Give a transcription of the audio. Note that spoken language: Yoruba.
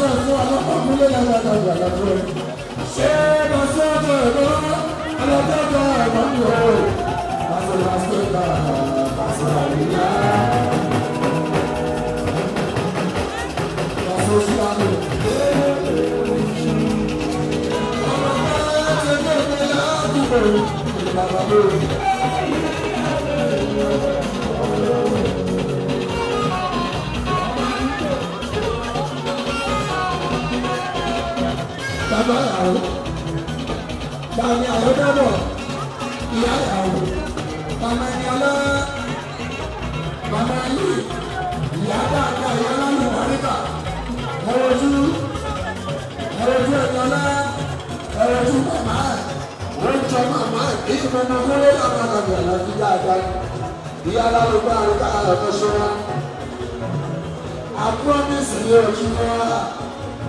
sọ alábàámu lé lágbàdàgbà àgbàdo ẹ. ṣé lọ sí ọjọ́ ẹ̀rọ alábàámu ẹ̀rọ ń lò ó. pàṣẹ pàṣẹ bá pàṣẹ àríyá. pàṣẹ sí àná. Thank you. bàbá ìyàwó bàmí àyọ̀dàbọ̀ ìyá ìyàwó bàmá ẹni ọlọ́wọ́ bàmá ẹni ìyá dáadáa ìyá lọ́nà ìwáríkà ẹ̀rọ̀jú ẹ̀rọ̀jú ẹni ọlọ́wọ́ ẹ̀rọ̀jú màmá ẹ̀ wọ́n jọ màmá ẹ̀ kí ìfọ̀nà olówó làbàlà gbàlà fi dáadáa ìyá lálùbá àrùkà àlọ́kọ́ṣọ́ra àpọ́nmẹ́sì ni ọ̀jú náà.